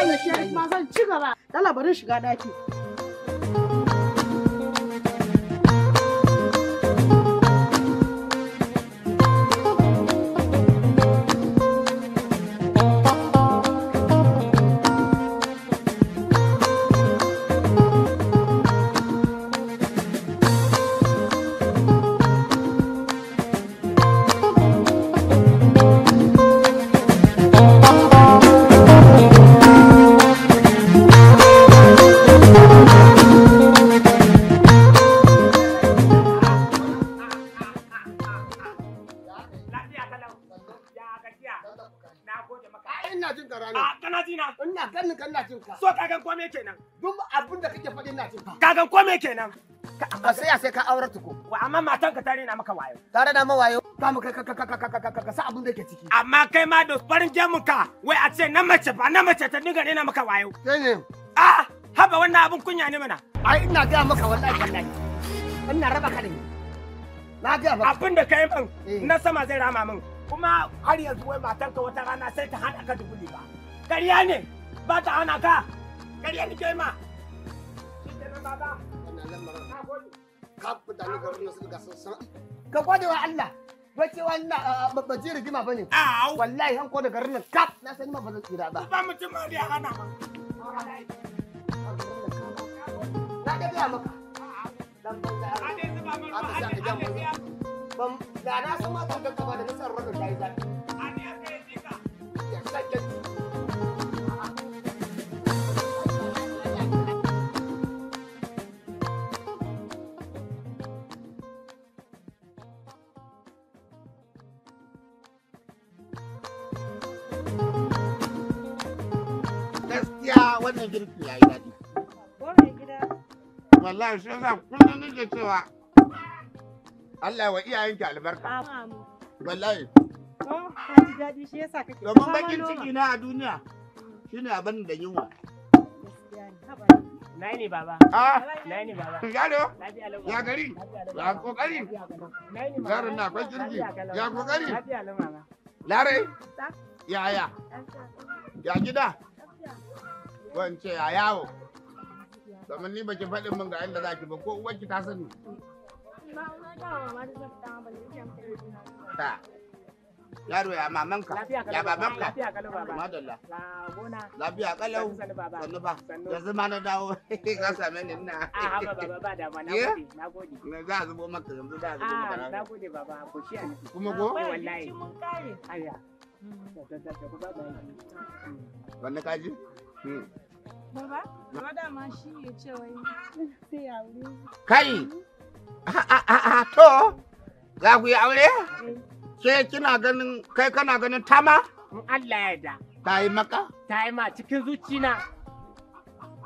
bayan ya shi ma zan ci gaba. Dala bari shiga daki. me kenan Ka sai sai ka aure tuko wa amma matan ka tare na maka wayo tare na wayo. ka mu ka ka ka ka ka sa abun da yake ciki amma kai ma da farin jamun ka wai a ce na mace ba na mace ta dinga rena maka wayo ne a haba wannan abun kunya ne mana ai ina ga maka wallahi wallahi ina raba ka da ni na ga maka Abun da kai min eh. na sama zai rama min kuma har yanzu wai matan ka wata rana sai ta hada ka dubuli ba Kariya ne ba ta hana ka Kariya ne kai ma shi kenan baba ka gode wa Allah wace wannan ah, ah, ba ji rigima bane wallahi han ko da garin nan kap na san ma ba zan tsira ba ba mutum ma da hana ma na da biya maka dan ban da a dai da na san ma ka ga ka ba da gaskiya wannan girki ya yi daɗi. Wallahi shi yasa kullum nake cewa Allah wa iyayenki albarka. Wallahi. Domin bakin ciki na a duniya shine abin da yunwa. Na baba. Ah, na baba. Yaro, ya gari, ya kokari. na akwai kirki, ya kokari. Lare, ya gida. wance a yawo kamar ni baki faɗin min ga inda zaki ba ko uwarki ta sani ta yaro ya mamanka ya babanka madalla lafiya kalau sannu ba yanzu ma na dawo ka same ni na? a ah, haba baba ba da ma nagode nagode na eh? za a zubo maka yanzu da zubo ah, maka nagode baba ko shi an kuma go ah, wallahi mun kare aya mm. wannan kaji Baba, baba dama shi sai ya wuri. Kai, a ah, ah, ah, to, za ku yi aure? Ke kina ganin, kai kana ganin tama? Allah ya da. Ta yi maka? Ta yi ma cikin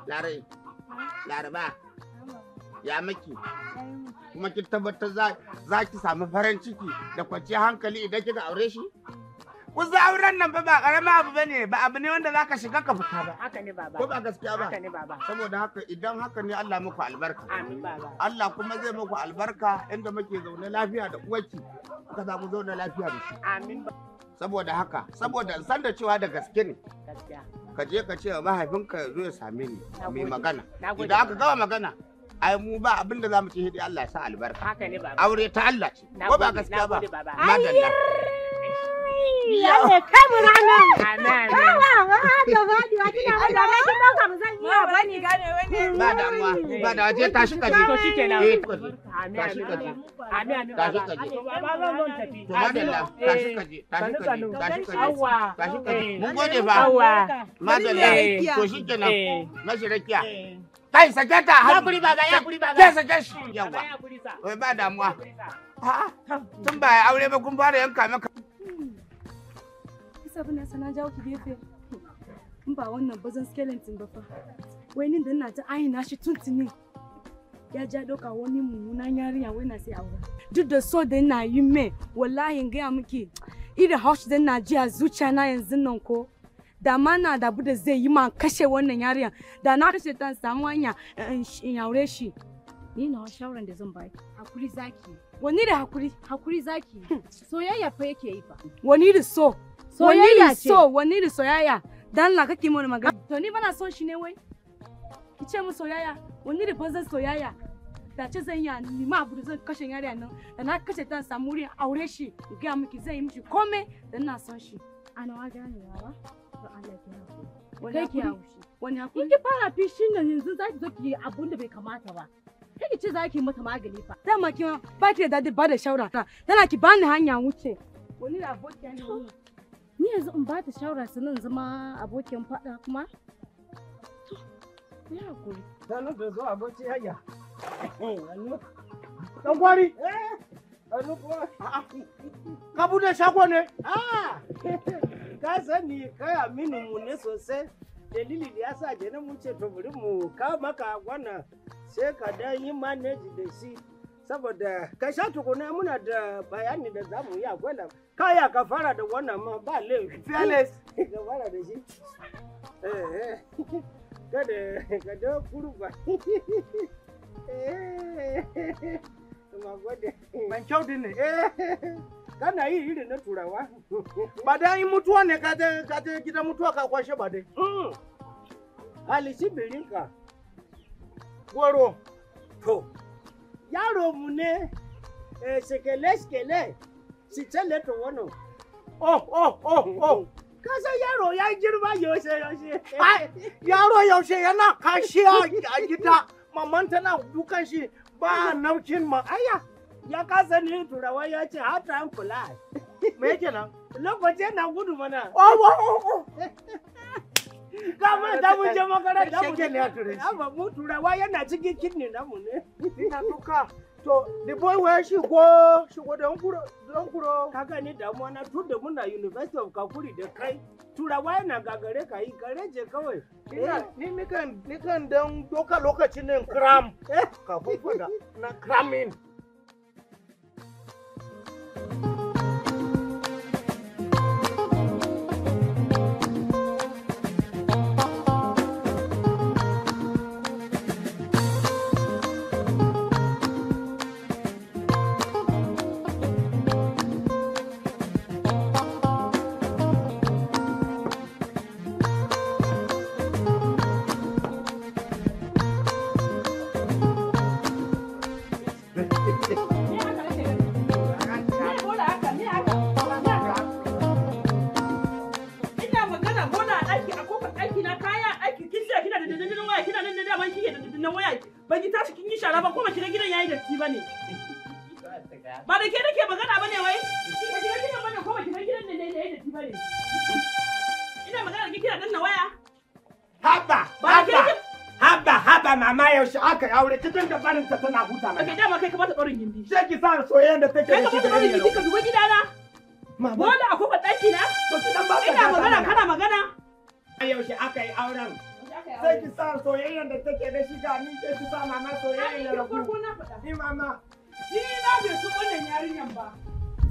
Lare, laraba, ya miki. Kuma ki tabbatar za ki samu farin ciki da kwanciyar hankali idan kika aure shi? Kusa auren nan fa ba karamin abu bane ba abu ne wanda zaka shiga ka fita ba. Haka ne baba. Ko ba gaskiya ba. Haka ne baba. Saboda haka idan haka ne Allah muku albarka. Amin baba. Allah kuma zai muku albarka inda muke zaune lafiya da uwarki. Ka za ku zauna lafiya da shi. Amin Saboda haka, saboda san da cewa da gaske ne. Gaskiya. Ka je ka ce wa mahaifinka ya zo ya same ni. Mai magana. Idan aka gama magana, ai mu ba abin da za mu ce hidi Allah ya sa albarka. Haka ne baba. Aure ta Allah ce. Ko ba gaskiya ba. Madalla. Allah kai mu ranar. Amin. ba damuwa. Tun ba aure ba kun fara yanka maka. yasa ban na jawo ki gefe in ba wannan bazan skeleton ba fa wai nin da na ta aina shi tuntuni ya ja ɗauka wani mummunan yarinya wai na sai aure duk da so da ina yi mai wallahi in gaya miki irin haushi da ina ji a zuciya na yanzu nan ko da ma na da da zai yi ma kashe wannan yarinya da na kashe ta samu hanya eh, in aure shi ni na shawaran da zan ba baki hakuri zaki wani da hakuri hakuri zaki hmm. soyayya fa yake yi fa wani da so soyayya ce so wani da soyayya dan la kake mun magana to ni bana son shi ne wai ki ce mu soyayya wani da fazan soyayya da ce zan ya ma abu da zan kashe yariya nan da na kashe ta samu wurin aure shi ga miki zai yi miki komai da na son shi ana wa gane yawa to Allah ya wani hakuri wani hakuri in ki fara fi shi nan yanzu zaki zo ki yi abun da bai kamata ba ki ce zaki mata magani fa dama ki ba ki da dadi ba da shawara tana ki bani hanya wuce wani abokin ne ni yanzu in ba ta shawara su nan zama abokin fada kuma ya hakuri sanu da zo aboki hayya dan kwari eh sanu kuma ka bude shago ne ah! ka sani kai aminin mu ne sosai dalili da yasa je jana mu ce to bari mu ka maka wannan sai ka dan yi manage da shi saboda ka sha tukuna muna da bayani da za mu yi a kaya ka fara da wannan ma ba laifi fearless ka fara da shi eh, eh. kada ka da kurba eh. ban kyau din kana yi irin na turawa ba da yi mutuwa ne ka je gidan mutuwa ka kwashe ba dai mm. halishi birinka goro to yaro mu ne eh, sekele sekele si tele to wono oh oh oh oh ka san yaro ya girma yaushe yaushe yaro yaushe yana kashi a gida maman tana dukan shi ba naukin ma aya ya kasa ni turawa ya ce ha ta kula me yake nan lokacin na gudu mana oh oh oh, oh. da mu da mu je makaranta mu je ne a ture shi amma mu turawa yana cikin kidney namu ne ina duka to the boy where she go she go don kuro don kuro kaga ni mu na tun da muna university of kakuri da kai turawa yana gagare ka yi gare je kawai ni ni kan ni kan dan doka lokacin nan cram eh. kafin fada na cramming aure ki dinga barin ta tana huta na. Kai dama kai ka bata barin gindi. Sai ki sa soyayyen da take da shi. Kai ka bata barin gindi ka duba gidana. Mama. Wanda akwai badaki na? To ki dan ba ka. Ina magana kana magana. A yaushe aka yi auren? Sai ki sa soyayyen da take da shi ga ni ke ki sa mama soyayyen ya rabu. Ni mama. Ni na bai so wannan yarinyan ba.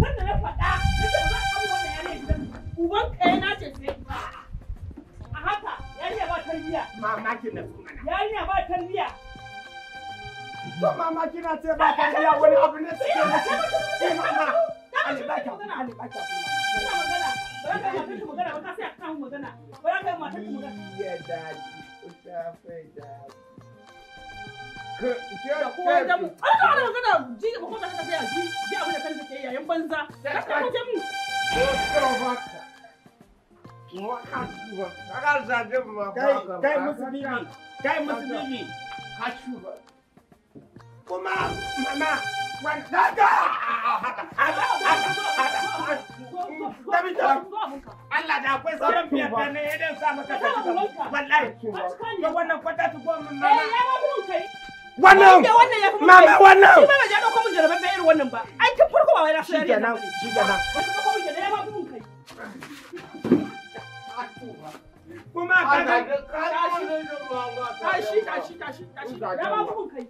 Sannan ya faɗa, ya ce ba a wannan yarinyan gidan. Uban kai na ce sai ba. A haka, yarinya ba tarbiyya. Mama ki na mana. Yarinya ba tarbiyya. To mama kina ce ba ka iya wani abu ne ke mutu Eh mama. Ali ba ka magana Ali ba ka magana. Ba ka yi mata magana ba ka sai ka magana. Ba ka yi mata magana. Ya dadi. Uta fai dadi. Ko Kai musu bibi, kai musu bibi, ka shuba. kuma mama wanda ga haka haka haka tabita Allah da akwai sauran biyar da ne idan sa maka ka ci wallahi ga wannan kwata ta goma eh, mama wannan mama wannan shi ma ba ja dauko mun jarabar da irin wannan ba ai tun farko ba wai na so kuma kaga kashi kashi kashi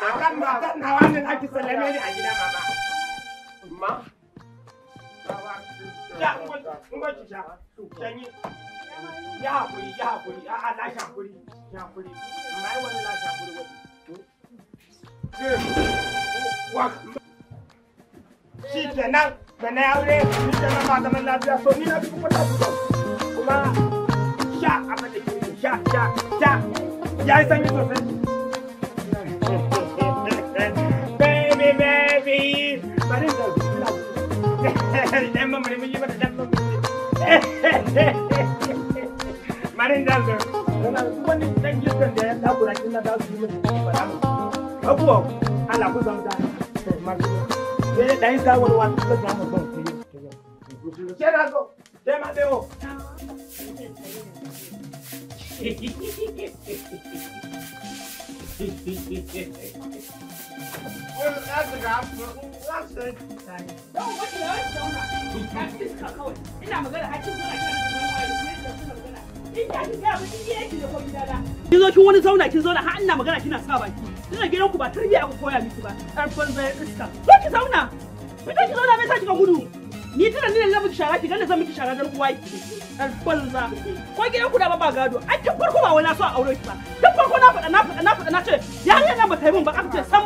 akan matan na wannan ake a gida mama ma ya da ba zaman lafiya so ni na kuma kuma da ya yi sanyi sosai duk wani dan gistan da ya takura kin na su yi abubuwa ala ku zan da sai dai sawar wa su zan mu ban ku ke na go dai ma dai o Well, that's a guy. That's a guy. kin zo kin wani zauna kin zauna har ina magana kina sa baki ina gidan ku ba tarbiya aka koya miki ba karfan zai iska zo ki zauna fito ki zauna mai sa kika gudu ni tana ni lalle miki shara ki ganda zan miki shara dan uwa ki karfan za ko gidan ku da ba gado A tun farko ba wani so a aure ki ba tun farko na faɗa na faɗa na faɗa na ce yarinya nan ba ta yi min ba aka ce sam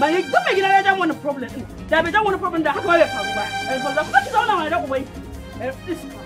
ba ya gama gidan ya jan wani problem din da bai jan wani problem da haka ba bai faru ba karfan za ko ki zauna mai da uwai iska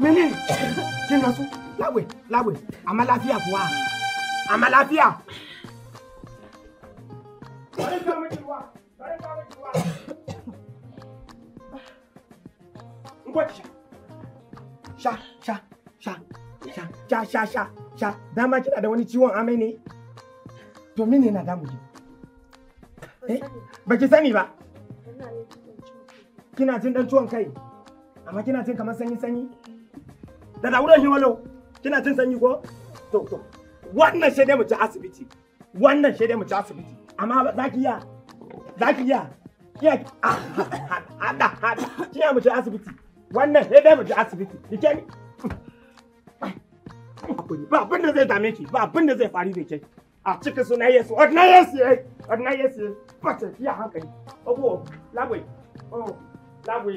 mene kin nasu lagwe lagwe amma lafiya kuwa lafiya sha sha sha sha sha sha sha sha dama da wani ciwon ne ki eh, baki sani ba kina jin dan ciwon kai amma kina jin kamar sanyi sanyi da na'urar shi walau kina jin sanyi ko to to wannan shi dai mu ci asibiti wannan shi dai mu ci asibiti amma za ki iya za ki kiya hada ah, hada kiya mu ci asibiti wannan shi dai mu ci asibiti kike ni ba abin da zai dame ki ba abin da zai faru da ke a cikin suna yesu ordinary yesu yayi ordinary yesu ba ta fiya hankali abuwa lagwai oh lagwai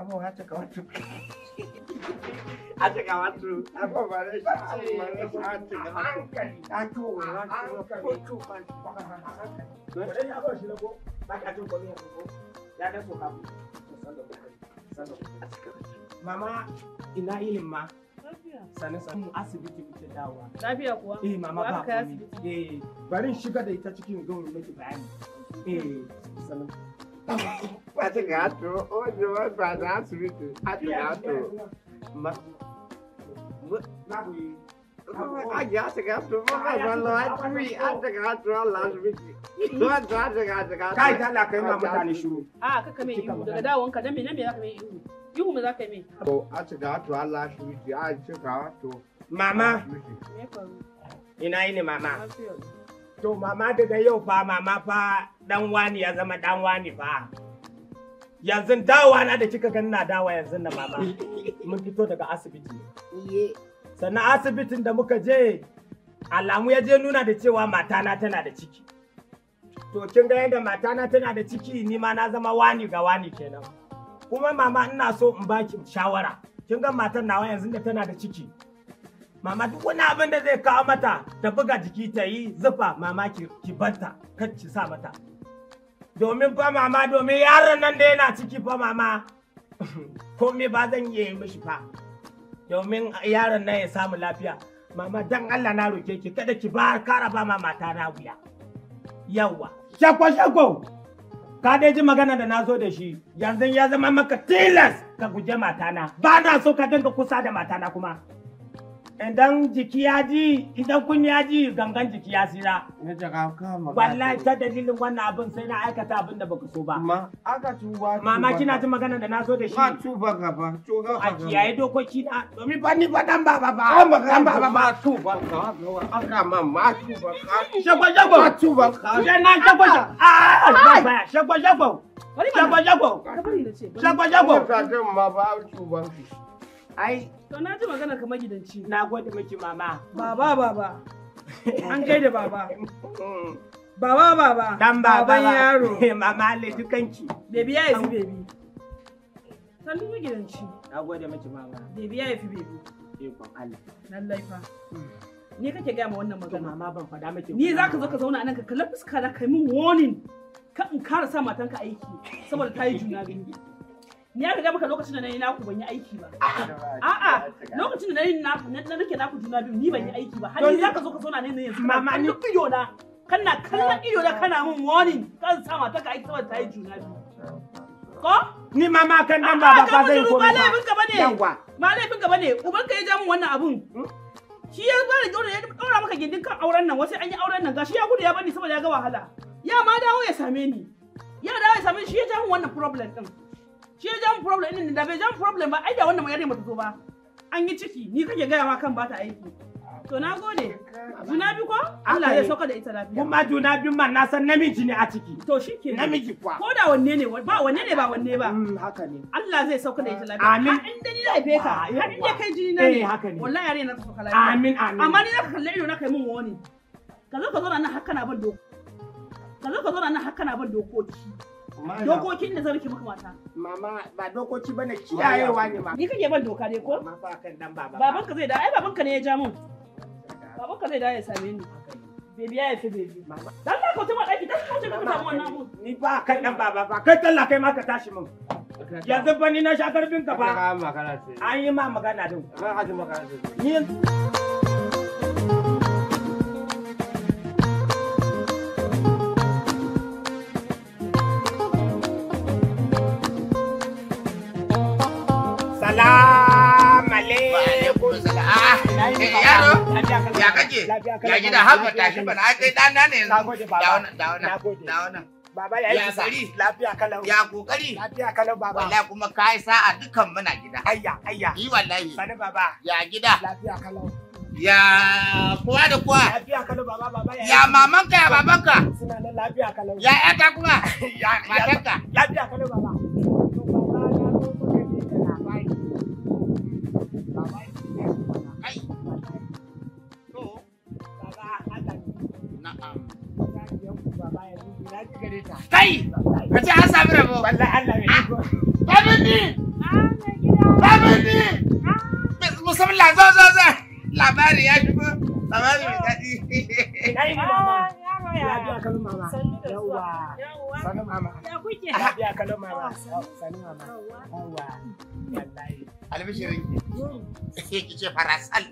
Abbiamo fatto quattro Ha giocato abbiamo fatto ancora, ancora, ma che tu con me lo ya da Mama ina ilimma. the sani mu asibiti muke dawowa. Lafiya kuwa? Eh mama ba komai. Eh shiga da ita cikin bayani. Eh Patrigato, oggi ho parlato di Patrigato. Ma... Ah, già, se gatto, ma quando è qui, anche gatto alla sviti. Don ta da gatto gatto. Kai ta la kai ma mutane shiru. Ah, ka kame ihu daga dawon ka dan me ne me za ka me ihu. Ihu me za ka me. To, a ci gatto Allah shi a ci gatto. Mama. Ina ne mama? To mama daga yau fa mama fa dan wani ya zama dan wani fa. Yanzu dawa na da kika gani na dawa yanzu na mama. Mun fito daga asibiti. Sannan asibitin da muka je alamu ya je nuna da cewa matana tana da ciki. To kin ga yadda matana tana da ciki ni ma na zama wani ga wani kenan. Kuma mama ina so in baki shawara. Kin ga matar nawa yanzu da tana da ciki. mama duk wani abin da zai kawo mata ta buga jiki ta yi zufa mama ki banta kan ki sa mata domin fa mama domin yaron nan da yana ciki fa mama komai ba zan iya yi mishi fa domin yaron nan ya samu lafiya mama dan Allah na roke ki kada ki ba kara ba ma mata na wuya yawa shakwa shakwa ka dai ji magana da nazo da shi yanzu ya zama maka tilas ka guje matana ba na so ka dinga kusa da matana kuma idan jiki ya ji idan kun ya ji gangan jiki ya sira wallahi ta dalilin wannan abin sai na aikata abin da baka so ba amma aka tuba mama kina ji magana da na so da shi ma tuba gaba tuba a kiyaye dokoki na domin ba ni ba dan baba ba dan baba ba tuba ka aka ma tuba ka shagwa shagwa ma tuba ka je na shagwa shagwa shagwa shagwa shagwa shagwa shagwa shagwa ai ah, ah, ah, To na ji magana kamar gidanci. Na gode miki mama. Baba baba. An gaida baba. Baba baba. Dan baba. Baban yaro. Mama le dukanki. Baby ya yi baby. Sannu mu gidanci. Na gode miki mama. Baby ya yi baby. Ikon Allah. Hmm. Ni kake gaya ma wannan magana. Mama ban faɗa miki. Ni za ka zo ka zauna a nan ka kalli fuska na kai min warning. Ka in kara sa matanka aiki saboda ta yi juna biyu. ya riga maka lokacin da na yi naku ban yi aiki ba. Ah, A'a lokacin da na yi naku na nake naku juna biyu ni ban yi aiki ba. Har za ka zo ka zauna ne na yanzu. Mama ni iyo na kana kallon iyo na kana min warning kan sa mata ka aiki saboda ta yi juna biyu. Ko? Ni mama kan dan baba ka zai komai. Ba laifin ka bane. Ma laifin ka bane. Uban ka ya ja min wannan abun. Hmm? Shi ya ba da dole ya daura maka gindin kan auren nan wasu an yi auren nan gashi ya gudu ya bani saboda ya ga wahala. Ya ma dawo ya same ni. Ya dawo ya same shi ya ja min wannan problem din. shi jan problem din da bai jan problem ba ai da wannan yare mata zo ba an yi ciki ni kake gaya ma kan bata aiki to na gode juna biyu ko Allah ya sauka da ita lafiya kuma juna biyu ma na san namiji ne a ciki to shike namiji kuwa. ko da wanne ne ba wanne ne ba wanne ba mm, haka ne Allah zai da ita lafiya amin in da ni haife ka har in kai jini na ne eh, wallahi yare na ka lafiya amin amin amma ni na kalle ido na kai mun wani ka zo ka zo na hakana ban ka zo ka dokoki dokokin da zarki muka wata mama ba dokoki bane kiyayewa ne ma ni kake ban doka ne ko baban ka zai da ai baban ka ne ya ja mun baban ka zai da ya same ni bebi ya yafi bebi dan na ko tuma daki dan kaje ka samu wannan abu ni ba kan dan baba ba kai talla kai ma ka tashi mun yanzu ba ni na sha karbin ka ba an yi ma magana din ni yaro ya kake ya gida haka bana ai kai dana ne yanzu da wannan da wannan da wannan Baba ya yi kokari. Lafiya kalau. Ya kokari. Lafiya kalau baba. Wallahi kuma ka sa'a dukan muna gida. Ayya ayya. Yi wallahi. Bani baba. Ya gida. Lafiya kalau. Ya kowa da kowa. ya. mamanka ya babanka. Ya ƴata kuma. Ya Lafiya kalau baba. Na'am. Kai! Ka ce an sami rabo. Wallahi Allah ya ah! rabo. Babin ni! Ah, Babin ni! Ah! Musamman lazo zo zo! Labari ya shigo. Labari mai daɗi. Ina yi mama. Lafiya kalin mama. Yawwa. Sanu mama. Ya kuke? Lafiya kalin mama. Sanu mama. Yawwa. Wallahi. Albishirin ki. Ki ce farasal.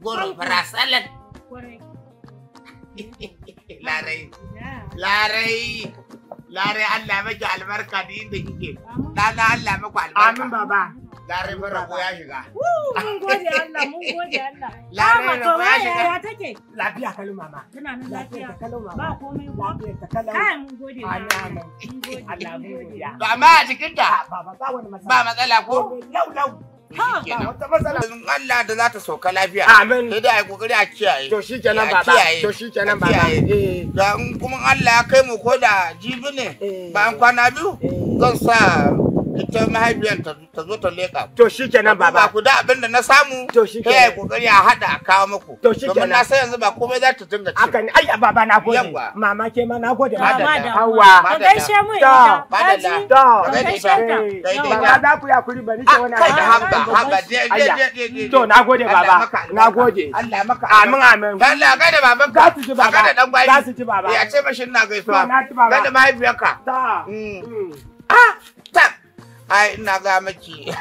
Goron farasalan. larai larai larai Allah maki albarka da yin da kike dana Allah maku albarka amin baba larai mun ko ya shiga mun gode Allah mun gode Allah larai mara ko ya shiga ya take lafiya kalu mama tana nan lafiya Kalu mama ba komai ba lafiya ta kalau kai mun gode Allah mun gode Allah mun gode ba ma a cikin ta ba ba wani matsala ba matsala ko Yau yau. wata matsala Allah da za ta sauka lafiya amin sai dai kokari a kiyaye to baba to baba eh. kuma Allah ya kai mu ko da jibi ne eh. bayan kwana biyu eh. zan sa ita mahaifiyar ta zo ta leka to baba ba ku da abin da na samu to kokari a a kawo muku to na san yanzu ba komai za ta dinga ci ai baba na gode mama ke ma na gode mama da hawa ka gaishe mu ita ka gaishe ta ku ya kuri ce wani kai hamba hamba je je je to na gode baba na gode Allah maka amin amin Allah ga da baban ka su baba ga da dan gwai su baba ya ce mashi ina gaisuwa ga da mahaifiyarka ta mm. Mm. ah ai ina ga maki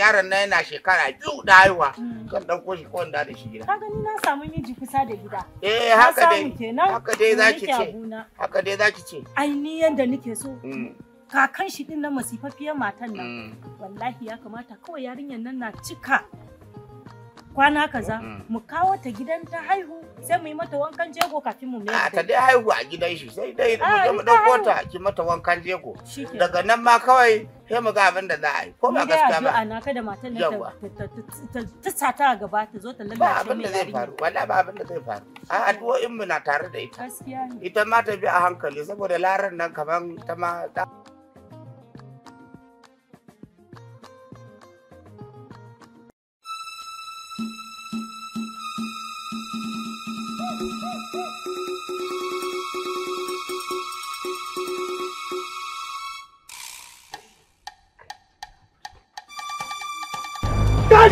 yaron na yana shekara biyu da haihuwa zan mm. ɗauko shi kawai da shi gida. Ka gani na samu miji kusa da gida. Eh haka dai haka dai za ce haka dai za ce. Ai ni yanda nake so. Mm. Kakan shi din na masifafiyar matan nan. Mm. Wallahi ya kamata kawai yarinyar nan na cika kwana kaza mm. mu kawo ta gidan ta haihu sai mu yi mata wankan jego kafin mu mai ah, ta dai haihu a gidan shi sai dai mu dauko ah, ta ki mata wankan jego daga nan ma kawai sai mu ga abin da za a yi ko ba gaskiya ba ana da matan nan ta ta gaba ta zo ta lallace mai abin da zai faru wallahi ba abin da zai faru a addu'o'in mu na tare da ita gaskiya ita ma ta bi a hankali saboda laran nan kaman ta ma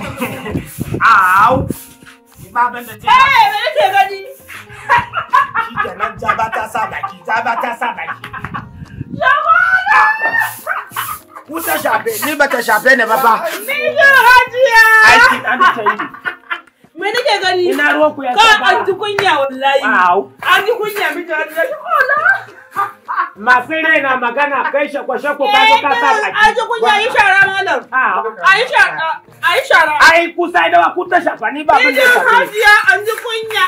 Au! Ba ban da ce. Eh, me nake gani? Shi kenan jaba ta sa baki, jaba ta sa baki. Yamana! Wuta shafe, ni ba ta shafe ne ba fa. Ni ga hajiya. Aiki dan ta yi. Me nake gani? Ina ruwan ku ya. Ka an ji kunya wallahi. Au. An ji kunya miji an masu na magana kai shakwashakwa ka zo ka sa a Ai ji kunya yi shara malam. Ai shara ai shara. Ai ku sai da ku ta shafa ni ba bin da shafa. Ni hajiya an ji kunya.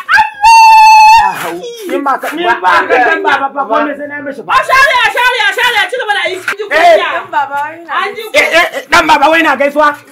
Ni ba ka ni ba ka dan baba ba ko me sai na mishi ba. A share a share a share a ci gaba da yi ji kunya. Dan baba wai na. Dan baba wai na gaisuwa.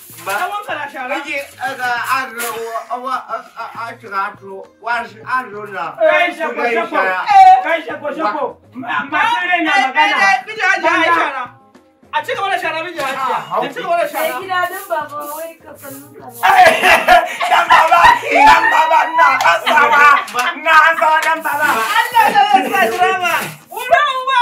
Miji ga agro wasu agro na suka yi shara. Kai shako shako. Masu na magana. Miji hajiya ya shara. A ci gaba da shara A ah, ci gaba da shara. Mai gida don baba wai ka sannu Dan eh, eh, eh, baba, dan na an sama. Na an sama dan baba. Allah ya sa drama. Wurin ba.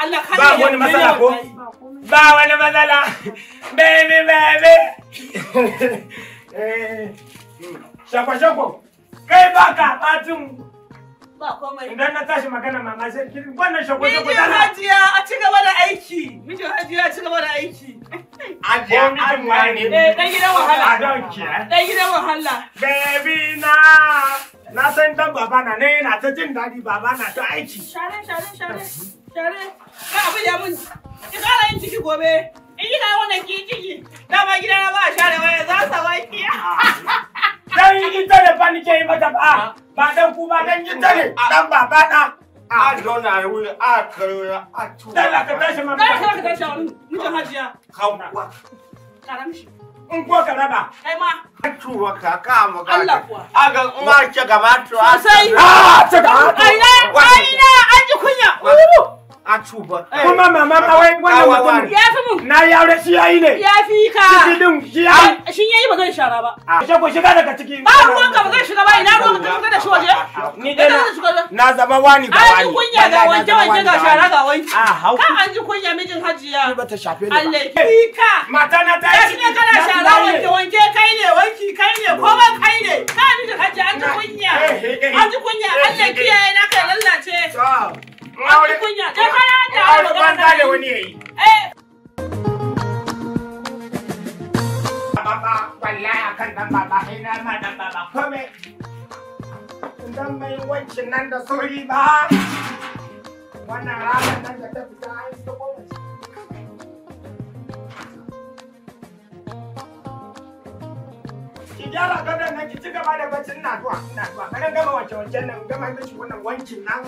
ba wani matsala ko ba wani matsala baby baby eh, shakwa-shakwa kai ba ka fatin idan na tashi magana mama sai kiri wannan shakwa-shakwa tana hajiya a ci gaba da aiki mijin hajiya a ci gaba da aiki Ajiya mijin wani ne. Dan eh, gidan wahala. I don't care. Dan gidan wahala. Baby na na san dan baba na ne yana ta jin daɗi baba na ta aiki. Share share share. Share, ka abu ya mun. Ki kara yin ciki gobe. In yi kayan wannan ki ciki. Dama gidana ba a share waya za sa waki. Dan yi ita da fa nike yi mata ba. Ba dan ku ba dan yi ne. Dan ba ba da. A zauna ya wuri a karora a tuwa. Dalla ka tashi ma. Dalla ka tashi wani mutum hajiya. Hauwa. Karamshi. in kuwa ka raba. Kai ma. Ka tura ka ka mu ga. Allah kuwa. A ga ma ce gaba to. Sosai. a ah, ce gaba. Aina, aina, an ji kunya. kuma eh. mama ma wai wannan mutum ya fi mun na yi aure shi yayi ne ya fi ka ciki din shi yayi shi yayi ba zan shara ba ce ah, ko shiga daga ciki ba ruwan ka ba zan shiga ba ina ruwan ka shiga da shi waje ni dai na zama wani ga wani an kunya ga wanke wanke ga shara ga wanki ah, ka an ji kunya mijin hajiya ni ba ta shafe ni Allah fi ka mata na ta yi ne kana shara wanke wanke kai ne wanki kai ne komai kai ne ka mijin hajiya an ji kunya an ji kunya Allah kiyaye na kai lallace Aure wani yayi. Eh. Baba, wallahi akan dan baba, na ma mai nan da sauri ba. Wannan nan da ta fita ta ki gyara gadon nan ki ci gaba da bacin na zuwa ina zuwa gama wance-wancen nan gama mishi wannan wancin nan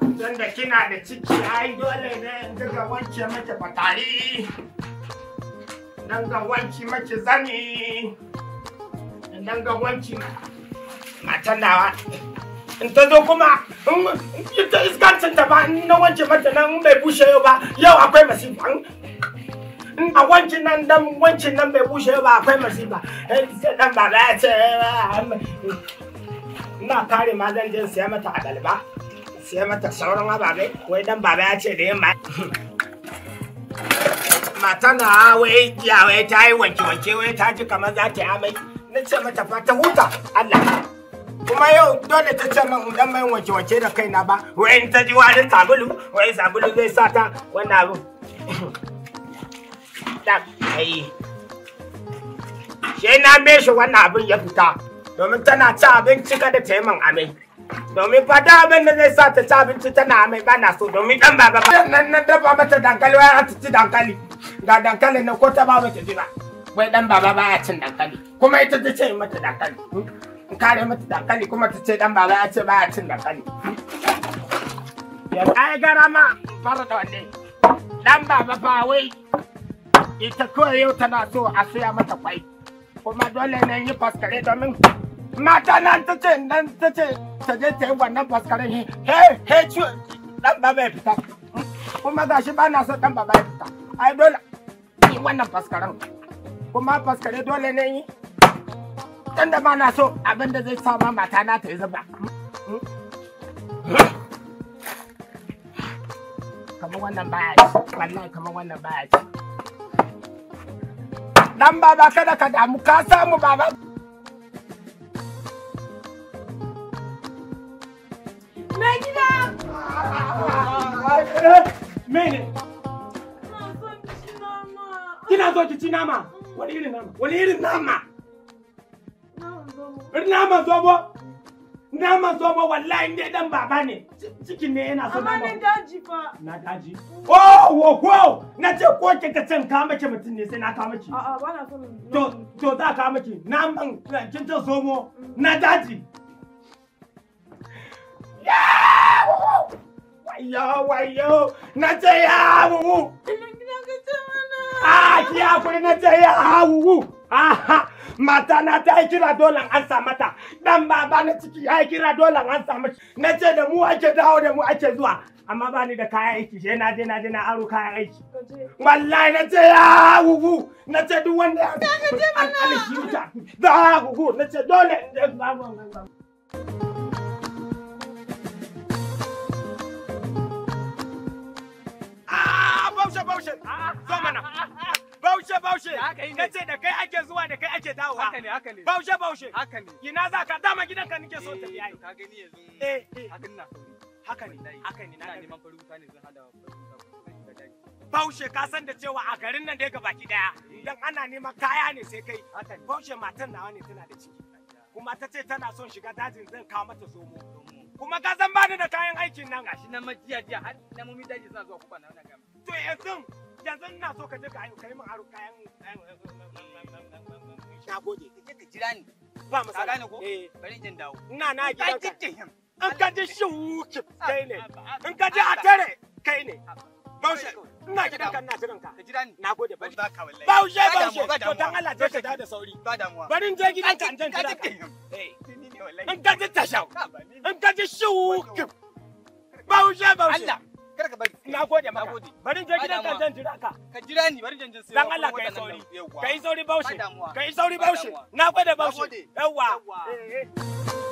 Tunda kina da ciki ai dole ne in ga wanke maki fatari. Dan ga wanki maki zani. Dan ga wanki matan nawa. In ta zo kuma in ta iskancin ta ba in na wanke mata nan bai bushe yau ba yau akwai masifan a wancin nan dan wancin nan bai bushe ba akwai masifa eh, dan ba ya ce eh, ina kare ma zan je siya mata a galba siya mata sauran ababe wai dan baba ya ce da yamma mata na wai ya wai ta yi wanke wanke wai ta ji kamar za ta yi amai na ce mata fata huta Allah kuma yau dole ta ce min dan mai wanke wanke da kaina ba wai in ta ji wani sabulu wai sabulu zai sa ta wannan abu ɗan ai sai na me shi wannan abin ya fita domin tana ci abinci kada ta yi min amai domin fata abin da zai sa ta ci abinci tana amai ba na so domin dan ba ba nan nan dafa mata dankali wai ta ci dankali ga dankali na ko ta ba mata ji ba wai dan ba ba ya cin dankali kuma ita ta ce mata dankali kare mata dankali kuma ta ce ba baba ya ce baya cin dankali. Ya ai gara ma fara da wanne. Dan baba ba wai ita kawai yau tana so a saya mata kwai kuma dole ne yi faskare domin mata nan ta ce nan ta ce ta je ta yi wannan faskare he he ci dan baba ya fita kuma gashi ba na so dan baba ya fita ai dole yi wannan faskaren kuma faskare dole ne yi dan da ba na so abin da zai sa ma mata na ta yi zuba kamar wannan baya ci wallahi kamar wannan baya ci Dan baba kada ka damu ka samu baba. Mai gida! Mene? Kina zo ki ci nama? Wani irin nama? Wani irin nama? irin Nama zo bo ma so ba wallahi ne dan baba ne. Cikin ne yana so ba. Amma na daji fa. Na daji. Mm. Oh, wo oh, ko oh! Na ce ko ke ka can ka mace mutum ne sai na ka mace. A'a, ba na so. To to za ka mace. Naman kin ta zomo mm. na daji. Wayo wayo na ce ya wuwu. Ah, ki hakuri na ce ya wuwu. Aha. mata na ta yi kira dole an sa mata dan baba na ciki ya yi kira dole an sa mata na ce da mu ake dawo da mu ake zuwa amma ba ni da kayan aiki je na je na je na aro kayan aiki wallahi na ce ya gugu na ce duk wanda ya an aliki wuta da gugu na ce dole in je babu Bawshe, bawshe, ah, ah, zo mana. Baushe baushe. Ka ce da kai ake zuwa da kai ake dawowa. Haka ne haka ne. Baushe baushe. Haka ne. Ina za ka dama gidanka nake so tafi ai. Ka gani yanzu. Eh eh. Hakan na. Haka ne. Haka ne. Ina neman faruta ne zan hada Baushe ka san da cewa a garin nan da ya gabaki daya. Eh. Dan ana neman kaya ne sai kai. Baushe matan nawa ne tana da ciki. Kuma ta ce tana son shiga dajin zan kawo mata zomo. Kuma ka san bani da kayan aikin nan. Gashi na majiya jiya har namomi daji suna zuwa kuma na wannan gama. To yanzu yanzu ina so ka je ka kai min aro kayan na gode ka je ka jira ni ba mu saka ko bari jin dawo ina na gidan ka in ka ji shi wuce kai ne in ka ji a kai ne Baushe, ina gidan ka ina jiran ka. Ka jira ni. Na gode Baushe. Baushe Baushe, to dan Allah je ka da sauri. Ba damuwa. Bari je gidan ka jira ka. In ka ji tashau. In ka ji shi wuce. Baushe Baushe. Allah. Kar ka bari. Na gode maka. Bari je gidan ka zan jira ka. Ka jira ni bari jan jin sai. Dan ka yi Ka yi sauri Ka yi sauri Na gode baushe. Yawwa.